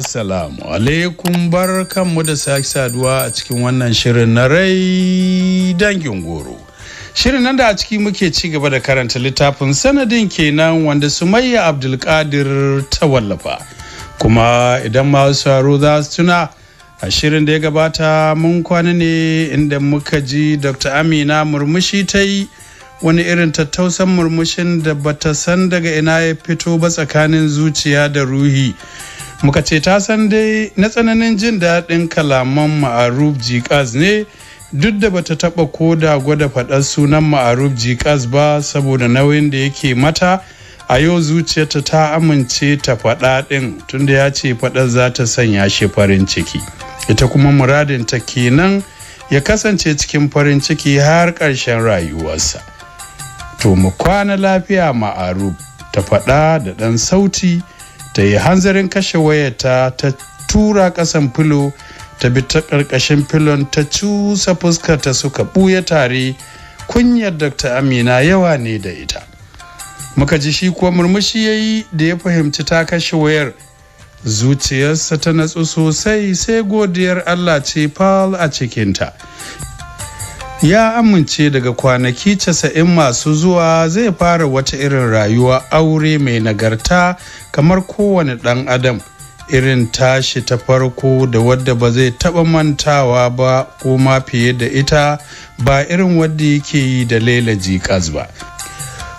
Assalamu alaikum bar kanmu da sake saduwa a cikin wannan shirin na rai dangin goro. Shirin nan da a ciki muke ci gaba da karanta littafin sanadin kenan wanda Sumayya Abdulkadir ta wallafa. Kuma idan masu haro za su tuna a shirin da ya gabata mun kwana ne inda muka ji Dr. Amina murmushi ta yi wani irin tattausan murmushin da bata san daga ina ya fito ba tsakanin zuciya da ruhi. muka ce ta san dai na tsananin jin daɗin kalaman ma'aruf jikaz ne duk da bata taɓa koda gwada faɗar sunan ma'aruf jikaz ba saboda nauyin da yake mata a yau zuciyarta ta amince ta faɗa ɗin tunda ya ce faɗar za ta sanya shi farin ciki ita kuma muradin ta kenan ya kasance cikin farin ciki har ƙarshen rayuwarsa to mu kwana lafiya ma'aruf ta faɗa da ɗan sauti ta yi hanzarin kashe wayata ta tura kasan filo ta bi ta ƙarƙashin filon ta cusa fuskar ta suka ɓuya tare kunyar dr amina yawa ne da ita muka ji shi kuwa murmushi ya yi da ya fahimci ta kashe wayar zuciyarsa ta natsu sosai sai godiyar allah ce fal a cikinta ya amince daga kwanaki casa'in masu zuwa zai fara wata irin rayuwa aure mai nagarta kamar kowane ɗan adam irin tashi ta farko da wadda ba zai taɓa mantawa ba ko ma fiye da ita ba irin wadda yake yi da laila jikas ba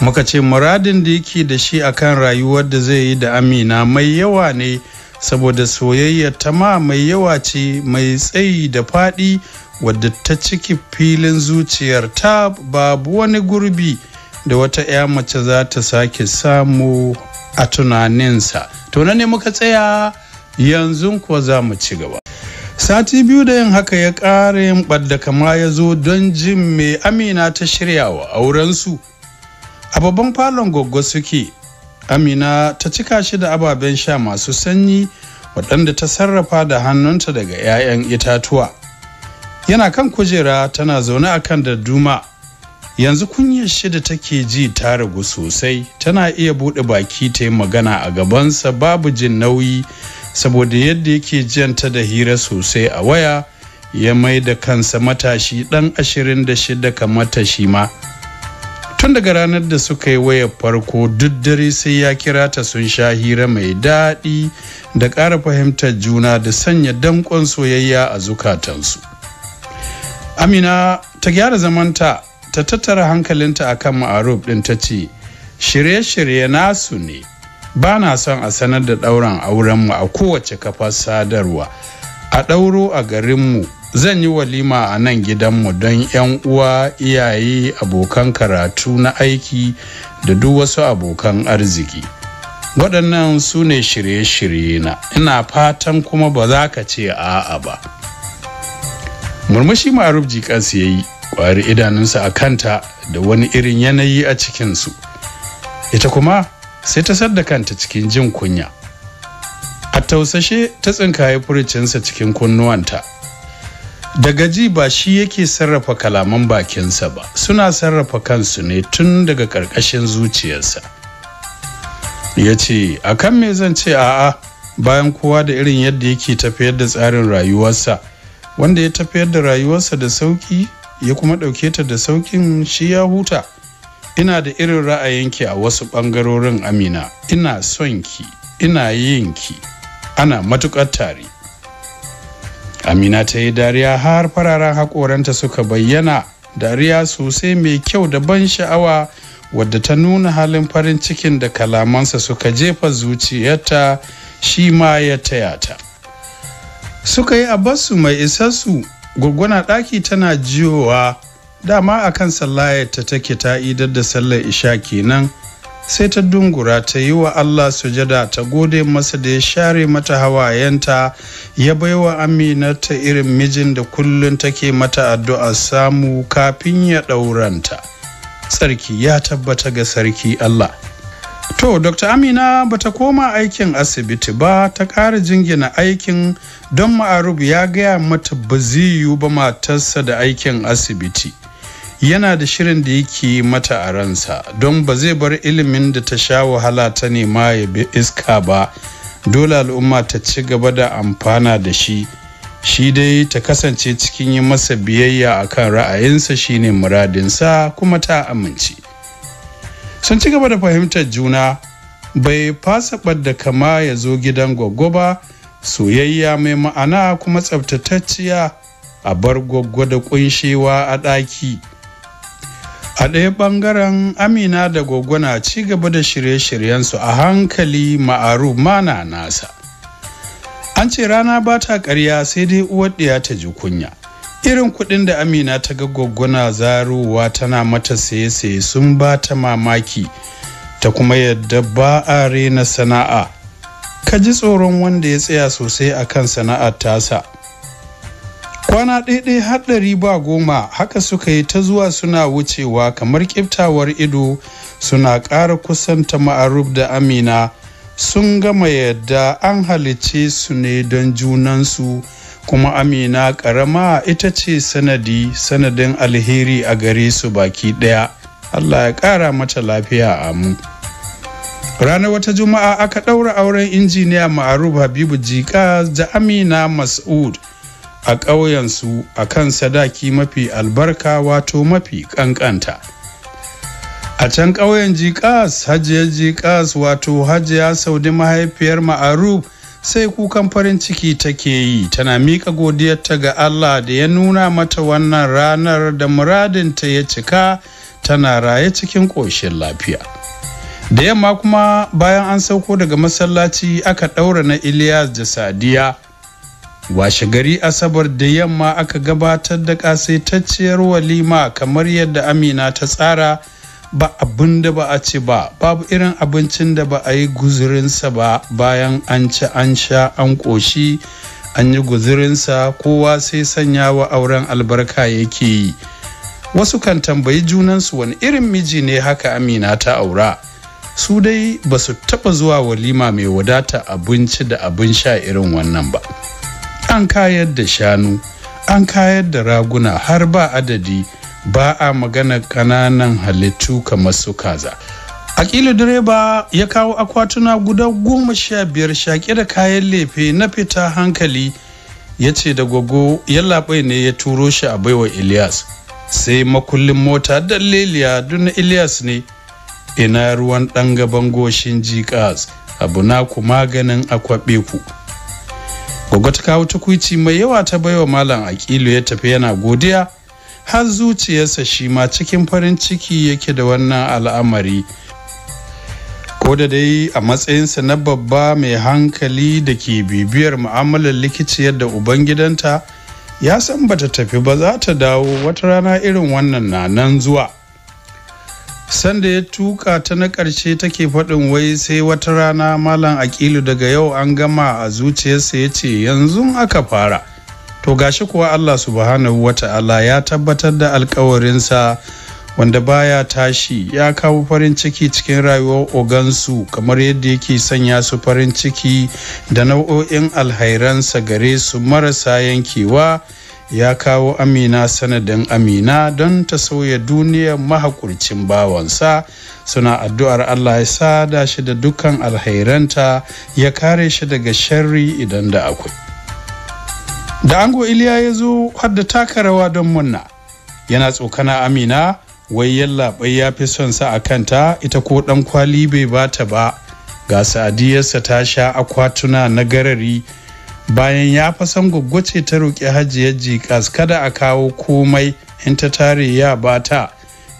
muka ce muradin da yake da shi akan rayuwar da zai yi da amina mai yawa ne saboda soyayya ta ma mai yawa ce mai tsayi da faɗi wadda ta ciki filin zuciyar ta babu wani gurbi da wata 'ya mace za ta sake samu a tunaninsa to na ne muka tsaya yanzu kuwa za mu ci gaba sati biyu da yin haka ya ƙare ɓadda kama ya zo don jin mai amina ta shirya wa aurensu a babban falon goggo suke amina ta cika shi da ababen sha masu sanyi waɗanda ta sarrafa da hannunta daga 'ya'yan itatuwa yana kan kujera tana zaune a kan darduma yanzu kunyar shida take ji ta ragu sosai tana iya buɗe baki ta yi magana a gabansa babu jin nauyi saboda yadda yake janta da hira sosai a waya ya mai da kansa matashi ɗan ashirin da shida ka matashi ma tun daga ranar da suka yi wayar farko duk dare sai ya kira ta sun sha hira mai daɗi da ƙara fahimtar juna da sanya danƙon soyayya a zukatansu amina ta gyara zamanta ta tattara hankalinta akan ma'arub din ta ce shirye-shirye nasu ne ba na son a sanar da ɗauran aurenmu a kowace kafar sadarwa a ɗauro a garinmu zan yi walima a nan gidanmu don 'yan uwa iyaye abokan karatu na aiki da duk wasu abokan arziki waɗannan su ne shirye-shirye na ina fatan kuma ba za ka ce a'a ba murmushi ma'aruf jikas ya yi ƙwari idanunsa a kanta da wani irin yanayi a cikinsu ita kuma sai ta sadda kanta cikin jin kunya a tausashe ta tsinkaye furicinsa cikin kunnuwanta daga ji ba shi yake sarrafa kalaman bakinsa ba suna sarrafa kansu ne tun daga ƙarƙashin zuciyarsa ya ce a kan me zan ce a'a bayan kowa da irin yadda yake tafiyar da tsarin rayuwarsa wanda ya tafiyar da rayuwarsa da sauki ya kuma ɗauke ta da saukin shi ya huta ina da irin ra'ayinki a wasu ɓangarorin amina ina son ki ina yin ki ana matuƙar tare amina ta yi dariya har fararen haƙoranta suka bayyana dariya sosai mai kyau da ban sha'awa wadda ta nuna halin farin cikin da kalamansa suka jefa zuciyarta shi ma ya taya ta. suka yi su mai isassu gurguna ɗaki tana jiyowa dama a kan sallayarta take ta idar da sallar isha kenan sai ta dungura ta yi wa Allah sujada ta gode masa da ya share mata hawayenta ya baiwa amina ta irin mijin da kullum take mata addu'a samu kafin ya ɗauranta sarki ya tabbata ga sarki Allah To, Dr. Amina ba ta koma aikin asibiti ba ta ƙara jingina aikin don ma'arub ya gaya mata ba ziyu ba matarsa da aikin asibiti. Yana da shirin da yake mata a ransa don ba zai bar ilimin da ta sha wahala ta nema ya bi iska ba, dole al'umma ta ci gaba da amfana da shi. Shi dai ta kasance cikin yi masa biyayya akan ra'ayinsa shine muradinsa kuma ta amince. sun ci gaba da fahimtar juna bai fasa da kama ya zo gidan gwaggo ba soyayya mai ma'ana kuma tsabtatacciya a bar gwaggo da kunshewa a ɗaki a ɗaya ɓangaren amina da gwaggo na ci gaba da shirye-shiryensu a hankali ma'aru mana nasa an ce rana ba ta ƙarya sai dai uwar ya ta ji kunya irin kuɗin da amina ta ga gwaggwana zaruwa tana mata saye-saye sun ba ta mamaki ta kuma yadda ba a rena sana'a ka ji tsoron wanda ya tsaya sosai a kan sana'ar tasa kwana ɗaiɗai haɗari ba goma haka suka yi ta zuwa suna wucewa kamar ƙiftawar ido suna ƙara kusanta ma'aruf da amina sun gama yadda an halicce su ne don junansu kuma amina ƙarama ita ce sanadi sanadin alheri a gare su baki ɗaya allah ya ƙara mata lafiya a mu ranar wata juma'a aka ɗaura auren injiniya ma'aruf habibu jika da amina mas'ud a ƙauyensu a kan sadaki mafi albarka wato mafi ƙanƙanta a can ƙauyen jikas Hajiya jikas wato hajiya saudi mahaifiyar ma'aruf sai kukan farin ciki take yi tana miƙa godiyarta ga Allah da ya nuna mata wannan ranar da muradinta ya cika tana raye cikin ƙoshin lafiya. Da yamma kuma bayan an sauko daga masallaci aka ɗaura na Ilyas da Sadiya. Washe gari Asabar da yamma aka gabatar da ƙasaitacciyar walima kamar yadda Amina ta tsara. ba abin da ba a ci ba babu irin abincin da ba a yi guzurinsa ba bayan an ci an sha an ƙoshi an yi guzurinsa kowa sai sanya wa auren albarka yake yi wasu kan tambayi junansu wani irin miji ne haka amina ta aura su dai ba su taɓa zuwa walima mai wadata abinci da abin sha irin wannan ba an kayar da shanu an kayar da raguna har ba adadi ba a magana ƙananan halittu kamar su kaza akilu direba ya kawo akwatuna guda goma sha biyar shaƙe da kayan lefe na fita hankali ya ce da ya yallaɓai ne ya turo shi a baiwa Elias. sai makullin mota don leliya na Elias ne ina ruwan ɗan gaban goshin jikas abu na ku maganin akwaɓe ku gwaggo ta kawo tukuici mai yawa ta baiwa malam akilu ya tafi yana godiya har zuciyarsa shi ma cikin farin ciki yake da wannan al'amari ko da dai a matsayinsa na babba mai hankali da ke bibiyar mu'amalar likici da ubangidanta ya san bata tafi ba za ta dawo wata rana irin wannan na nan zuwa sanda ya tuka ta na ƙarshe take faɗin wai sai wata rana malam akilu daga yau an gama a zuciyarsa ya ce yanzu aka fara to gashi kuwa Allah subhanahu wata'ala ya tabbatar da alkawarinsa wanda baya tashi ya kawo farin ciki cikin rayuwar ogansu kamar yadda yake sanya su farin ciki da nau'o'in alhairansa gare su marasa yankewa ya kawo amina sanadin amina don ta sauya duniyar mahakurcin bawansa suna addu'ar allah ya sada shi da dukkan alhairanta ya kare shi daga sharri idan da akwai da ango iliya ya zo hadda taka rawa don munna yana tsokana amina wai yallaɓai ya fi son sa a kanta ita ko ɗan kwali bai bata ba ga sa'adiyarsa ta sha akwatuna na garari bayan ya fasan gwaggwace ta roƙi hajiyar jikas kada a kawo komai in ta tare ya bata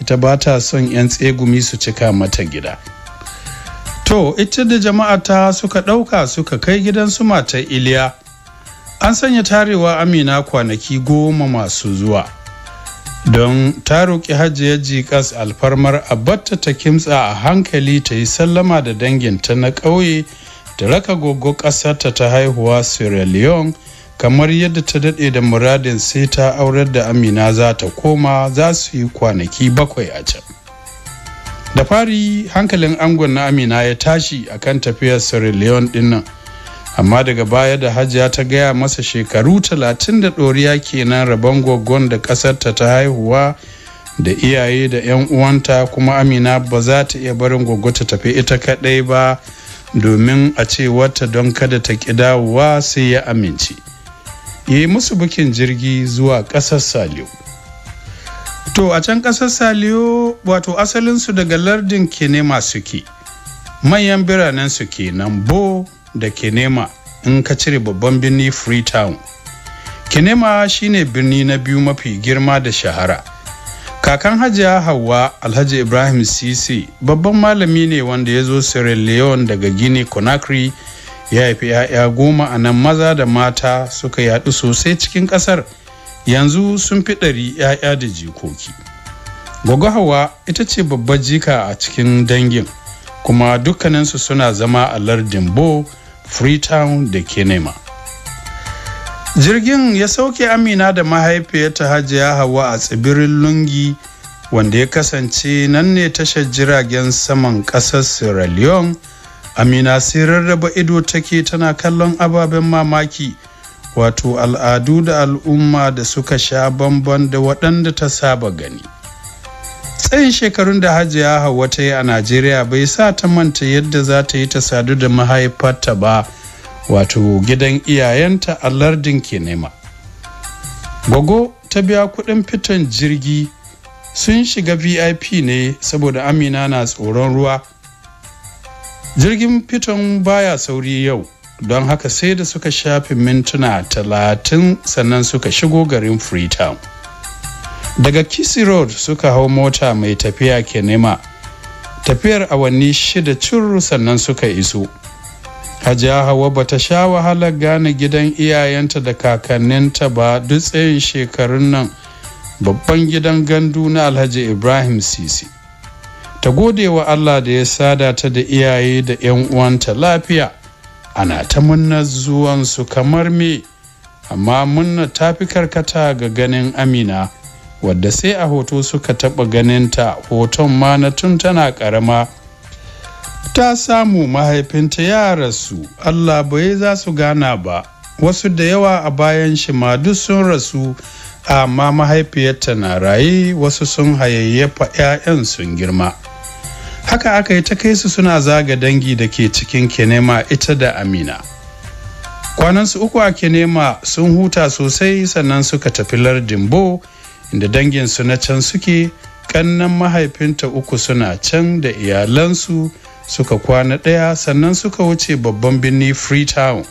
ita bata son 'yan tsegumi su cika mata gida to ita da jama'a ta suka ɗauka suka kai gidan su matar iliya an sanya tarewa amina kwanaki goma masu zuwa don ta roƙi hajjiyar jikas alfarmar a ta kimtsa a hankali ta yi sallama da danginta na ƙauye da raka goggo ƙasarta ta haihuwa sierra leone kamar yadda ta daɗe da muradin sai ta aurar da amina za ta koma za su yi kwanaki bakwai a can da fari hankalin angon na amina ya tashi akan tafiyar sierra leone dinnan amma daga baya da hajiya ta gaya masa shekaru talatin da ɗoriya kenan rabon gwaggon da ƙasarta ta haihuwa da iyaye da 'yan uwanta kuma amina ba za ta iya barin gwaggo ta tafi ita kaɗai ba domin a ce wata don kada ta ƙi dawowa sai ya amince ya yi musu bukin jirgi zuwa ƙasar saliyo to a can ƙasar saliyo wato asalinsu daga lardin kenema ke, manyan biranen su kenan bo da nema in ka cire babban birni freetown kinema shine birni na biyu mafi girma da shahara kakan hajiya hawa alhaji ibrahim sisi babban malami ne wanda ya zo sierra leone daga gini conakry ya haifi 'ya'ya goma a nan maza da mata suka yaɗu sosai cikin ƙasar yanzu sun fi ɗari 'ya'ya da jikoki gogo hawa ita ce babbar jika a cikin dangin kuma dukkaninsu suna zama a lardin bo freetown da kenema jirgin ya sauke amina da mahaifiyarta hajiya hawa a tsibirin lungi wanda ya kasance nan ne tashar jiragen saman ƙasar sierra leone amina sai rarraba ido take tana kallon ababen mamaki wato al'adu da al'umma da suka sha bamban da waɗanda ta saba gani tsayin shekarun da hajiya Hauwa ta yi a najeriya bai sa ta manta yadda za ta yi ta sadu da mahaifarta ba wato gidan iyayenta a lardin ke nema gogo ta biya kudin fitan jirgi sun shiga vip ne saboda amina na tsoron ruwa jirgin fiton baya sauri yau don haka sai da suka shafi mintuna talatin sannan suka shigo garin freetown daga kisi road suka hau mota mai tafiya nema tafiyar awanni shida curu sannan suka iso hajiya hawa bata sha wahalar gane gidan iyayenta da kakanninta ba dutsen shekarun nan babban gidan gandu na alhaji ibrahim sisi ta gode wa allah da ya sada ta da iyaye da 'yan uwanta lafiya ana ta munna zuwansu kamar me amma munna ta fi karkata ga ganin amina wadda sai a hoto suka taɓa ganinta hoton ma na tun tana ƙarama ta samu mahaifinta ya rasu allah bai za su gana ba wasu da yawa a bayan shi ma duk sun rasu amma mahaifiyarta na raye wasu sun hayayyafa 'ya'yan sun girma haka aka yi ta kai su suna zaga dangi da ke cikin kinema ita da amina kwanansu uku a kinema sun huta sosai sannan suka tafi lardin inda danginsu na can suke kannan mahaifinta uku suna can da iyalansu suka kwana ɗaya sannan suka wuce babban birni freetown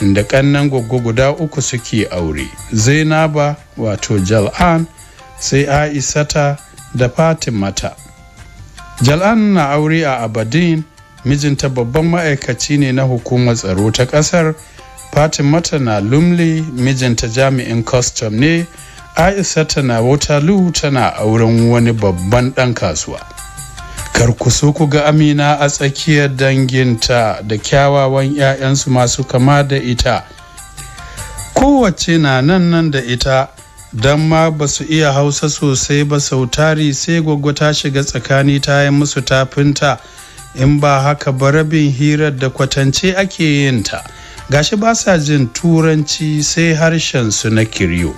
inda kannan gwaggo guda uku suke aure zainaba wato jal'an sai aisata da fatimata jal'an na aure a abadin mijinta babban ma'aikaci ne na hukumar tsaro ta ƙasar fatimata na lumli mijinta jami'in custom ne aisha tana wata waterloo tana auren wani babban ɗan kasuwa kar ku so ku ga amina a tsakiyar danginta da kyawawan 'ya'yansu masu kama da ita kowace na nan nan da ita don ma ba su iya hausa sosai ba sautari sai gwaggwa ta shiga tsakani ta yi musu tafinta in ba haka ba rabin hirar da kwatance ake yinta gashi ba sa jin turanci sai harshen su na kiryo.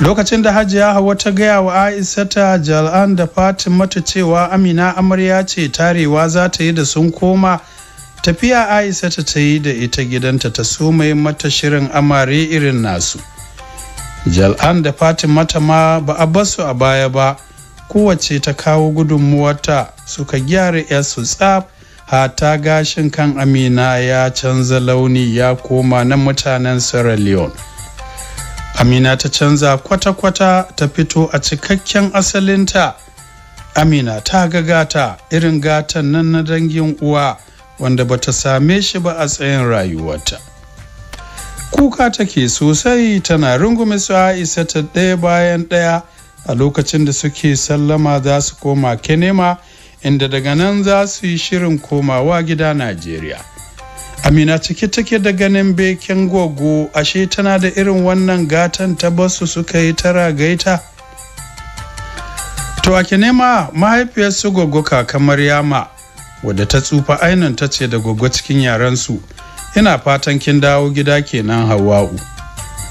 lokacin da hajiya hawa ta gaya wa aisata jal'an da fatin mata cewa amina amarya ce tarewa za ta yi da sun koma tafiya aisata ta yi da ita gidanta ta sumai mata shirin amare irin nasu jal'an da fatin mata ma ba a basu a baya ba kowace ta kawo gudunmuwarta suka gyara su tsaf hata gashin kan amina ya canza launi ya koma na mutanen sierra leone amina ta canza kwata-kwata ta fito a cikakken asalinta amina ta ga gata irin gatan nan na dangin uwa wanda bata same shi ba a tsayin rayuwarta kuka take sosai tana rungume su isa ta ɗaya bayan ɗaya a lokacin da suke sallama za su koma kenema inda daga nan za su yi shirin komawa gida najeriya amina cike take da ganin beken gogo ashe tana da irin wannan gatan ta basu suka yi tara gaita to ake nema mahaifiyarsu gogo Kamar Yama wadda ta tsufa ainihin ta ce da gogo cikin yarensu ina fatan kin dawo gida kenan hawa'u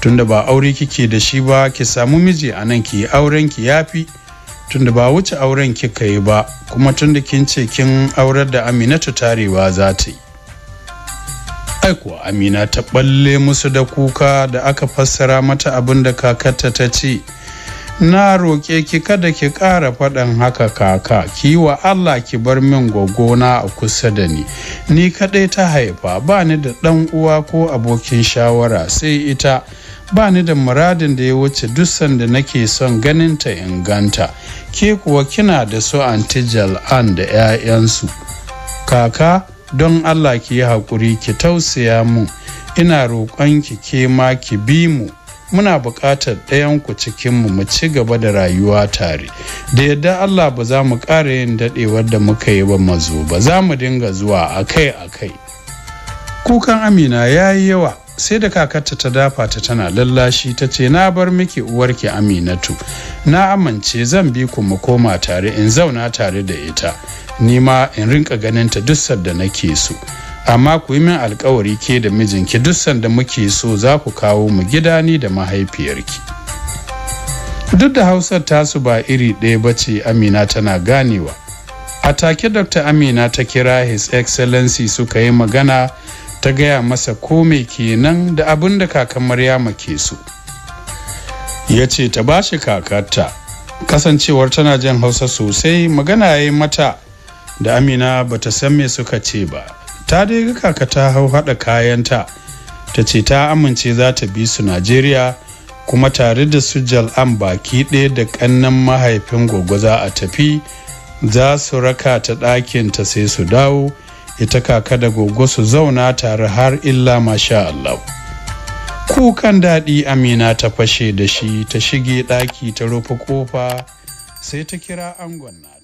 tunda ba aure kike da shi ba ki samu miji a nan ki yi auren ki yafi tunda ba wuce auren kika yi ba kuma tunda kin ce kin aurar da aminatu tarewa za ta yi aiko amina ta balle musu da kuka da aka fassara mata abin da kakarta ta ce na roƙe ki kada ki ƙara faɗan haka kaka ki wa Allah ki bar min gwaggona a kusa da ni ni kaɗai ta haifa ba ni da ɗan uwa ko abokin shawara sai ita ba ni da muradin da ya wuce duk sanda nake son ganin ta inganta ke kuwa kina da su antijal an da 'ya'yansu kaka don Allah ki yi haƙuri ki tausaya mu ina roƙonki ke ma ki bi mu muna buƙatar ɗayanku cikinmu mu ci gaba da rayuwa tare da yadda Allah ba za mu ƙara yin daɗewar da muka yi ba mazo ba za mu dinga zuwa akai akai kukan amina ya yi yawa sai da kakarta ta dafa ta tana lallashi ta ce na bar miki uwarki aminatu na amince zan bi ku mu koma tare in zauna tare da ita ni ma in rinka ganin ta duk sanda nake so amma ku yi min alkawari ke da mijinki duk sanda muke so za ku kawo mu gida ni da mahaifiyarki duk da hausar tasu ba iri ɗaya ba ce amina tana ganewa a take dr amina ta kira his excellency suka yi magana ta gaya masa ko kenan da abin da kakan maryama ke so ya ce ta bashi kakarta kasancewar tana jin hausa sosai magana ya mata da amina ba ta san me suka ce ba ta dai kaka ta hau haɗa kayanta ta ce ta amince za ta bi su najeriya kuma tare da su jal'an baki ɗaya da ƙannan mahaifin gogo za a tafi za su raka ta ɗakin ta sai su dawo ita kaka da gogo su zauna tare har illa masha Allah. Kukan daɗi Amina ta fashe da shi ta shige ɗaki ta rufe ƙofa sai ta kira angon na.